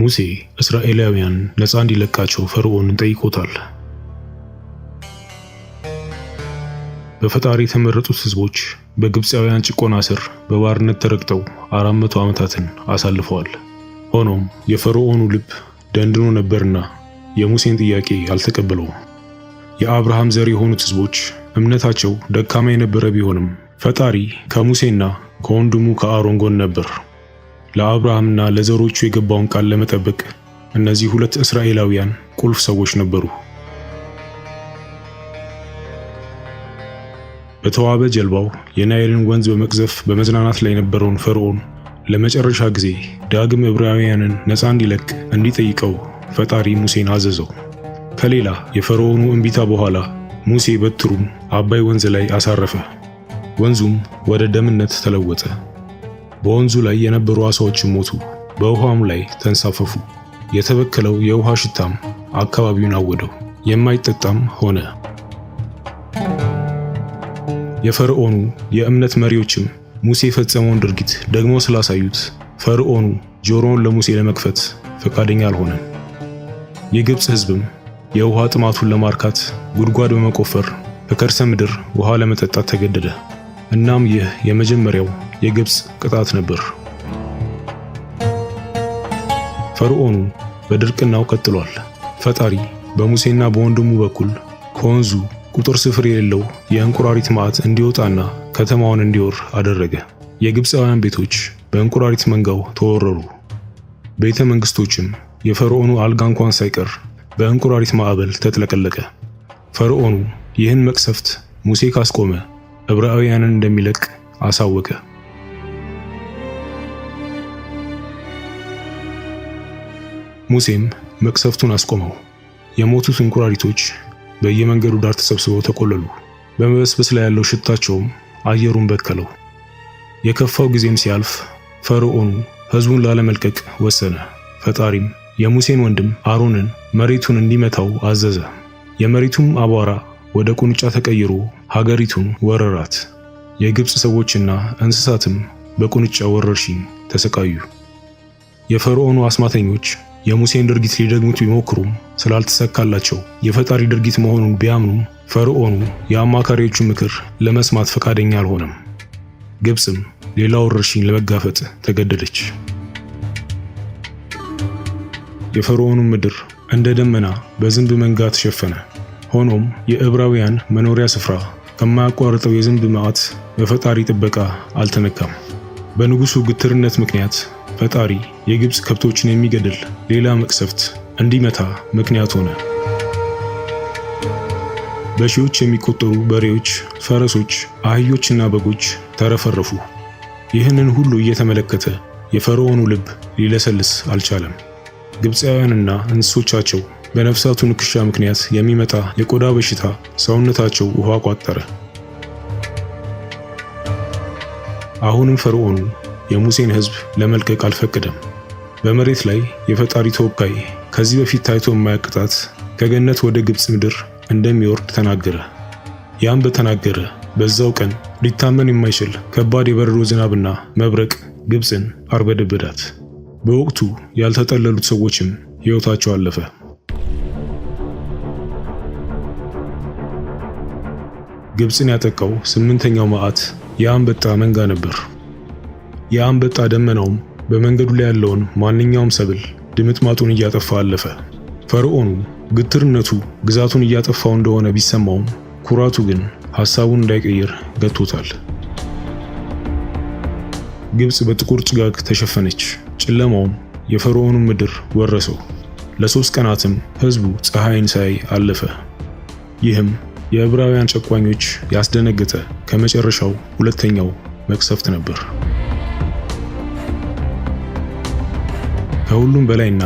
ሙሴ እስራኤላውያን ነፃ እንዲለቃቸው ፈርዖንን ጠይቆታል። በፈጣሪ የተመረጡት ሕዝቦች በግብፃውያን ጭቆና ስር በባርነት ተረግጠው አራት መቶ ዓመታትን አሳልፈዋል። ሆኖም የፈርዖኑ ልብ ደንድኖ ነበርና የሙሴን ጥያቄ አልተቀበለውም። የአብርሃም ዘር የሆኑት ሕዝቦች እምነታቸው ደካማ የነበረ ቢሆንም ፈጣሪ ከሙሴና ከወንድሙ ከአሮን ጎን ነበር። ለአብርሃምና ለዘሮቹ የገባውን ቃል ለመጠበቅ እነዚህ ሁለት እስራኤላውያን ቁልፍ ሰዎች ነበሩ። በተዋበ ጀልባው የናይልን ወንዝ በመቅዘፍ በመዝናናት ላይ የነበረውን ፈርዖን ለመጨረሻ ጊዜ ዳግም ዕብራውያንን ነፃ እንዲለቅ እንዲጠይቀው ፈጣሪ ሙሴን አዘዘው። ከሌላ የፈርዖኑ እንቢታ በኋላ ሙሴ በትሩን አባይ ወንዝ ላይ አሳረፈ። ወንዙም ወደ ደምነት ተለወጠ። በወንዙ ላይ የነበሩ አሳዎች ሞቱ፣ በውሃም ላይ ተንሳፈፉ። የተበከለው የውሃ ሽታም አካባቢውን አወደው፣ የማይጠጣም ሆነ። የፈርዖኑ የእምነት መሪዎችም ሙሴ የፈጸመውን ድርጊት ደግሞ ስላሳዩት ፈርዖኑ ጆሮውን ለሙሴ ለመክፈት ፈቃደኛ አልሆነም። የግብፅ ሕዝብም የውሃ ጥማቱን ለማርካት ጉድጓድ በመቆፈር በከርሰ ምድር ውሃ ለመጠጣት ተገደደ። እናም ይህ የመጀመሪያው የግብፅ ቅጣት ነበር። ፈርዖኑ በድርቅናው ቀጥሏል። ፈጣሪ በሙሴና በወንድሙ በኩል ከወንዙ ቁጥር ስፍር የሌለው የእንቁራሪት መዓት እንዲወጣና ከተማውን እንዲወር አደረገ። የግብፃውያን ቤቶች በእንቁራሪት መንጋው ተወረሩ። ቤተ መንግስቶችም የፈርዖኑ አልጋ እንኳን ሳይቀር በእንቁራሪት ማዕበል ተጥለቀለቀ። ፈርዖኑ ይህን መቅሰፍት ሙሴ ካስቆመ ዕብራውያንን እንደሚለቅ አሳወቀ። ሙሴም መቅሰፍቱን አስቆመው። የሞቱት እንቁራሪቶች በየመንገዱ ዳር ተሰብስበው ተቆለሉ። በመበስበስ ላይ ያለው ሽታቸውም አየሩን በከለው። የከፋው ጊዜም ሲያልፍ ፈርዖኑ ሕዝቡን ላለመልቀቅ ወሰነ። ፈጣሪም የሙሴን ወንድም አሮንን መሬቱን እንዲመታው አዘዘ። የመሬቱም አቧራ ወደ ቁንጫ ተቀይሮ ሀገሪቱን ወረራት። የግብፅ ሰዎችና እንስሳትም በቁንጫ ወረርሽኝ ተሰቃዩ። የፈርዖኑ አስማተኞች የሙሴን ድርጊት ሊደግሙት ቢሞክሩም ስላልተሳካላቸው የፈጣሪ ድርጊት መሆኑን ቢያምኑም ፈርዖኑ የአማካሪዎቹ ምክር ለመስማት ፈቃደኛ አልሆነም። ግብፅም ሌላ ወረርሽኝ ለመጋፈጥ ተገደደች። የፈርዖኑ ምድር እንደ ደመና በዝንብ መንጋ ተሸፈነ። ሆኖም የዕብራውያን መኖሪያ ስፍራ ከማያቋርጠው የዝንብ መዓት በፈጣሪ ጥበቃ አልተነካም። በንጉሱ ግትርነት ምክንያት ፈጣሪ የግብፅ ከብቶችን የሚገድል ሌላ መቅሰፍት እንዲመታ ምክንያት ሆነ። በሺዎች የሚቆጠሩ በሬዎች፣ ፈረሶች፣ አህዮችና በጎች ተረፈረፉ። ይህንን ሁሉ እየተመለከተ የፈርዖኑ ልብ ሊለሰልስ አልቻለም። ግብፃውያንና እንስሶቻቸው በነፍሳቱ ንክሻ ምክንያት የሚመጣ የቆዳ በሽታ ሰውነታቸው ውሃ ቋጠረ። አሁንም ፈርዖን የሙሴን ሕዝብ ለመልቀቅ አልፈቀደም። በመሬት ላይ የፈጣሪ ተወካይ ከዚህ በፊት ታይቶ የማያውቅ ቅጣት ከገነት ወደ ግብፅ ምድር እንደሚወርድ ተናገረ። ያም በተናገረ በዛው ቀን ሊታመን የማይችል ከባድ የበረዶ ዝናብና መብረቅ ግብፅን አርበደበዳት። በወቅቱ ያልተጠለሉት ሰዎችም ሕይወታቸው አለፈ። ግብፅን ያጠቃው ስምንተኛው መዓት የአንበጣ መንጋ ነበር። የአንበጣ ደመናውም በመንገዱ ላይ ያለውን ማንኛውም ሰብል ድምጥማጡን እያጠፋ አለፈ። ፈርዖኑ ግትርነቱ ግዛቱን እያጠፋው እንደሆነ ቢሰማውም ኩራቱ ግን ሐሳቡን እንዳይቀይር ገቶታል። ግብፅ በጥቁር ጭጋግ ተሸፈነች። ጨለማውም የፈርዖኑን ምድር ወረሰው። ለሦስት ቀናትም ሕዝቡ ፀሐይን ሳይ አለፈ። ይህም የዕብራውያን ጨቋኞች ያስደነገጠ ከመጨረሻው ሁለተኛው መቅሰፍት ነበር። ከሁሉም በላይና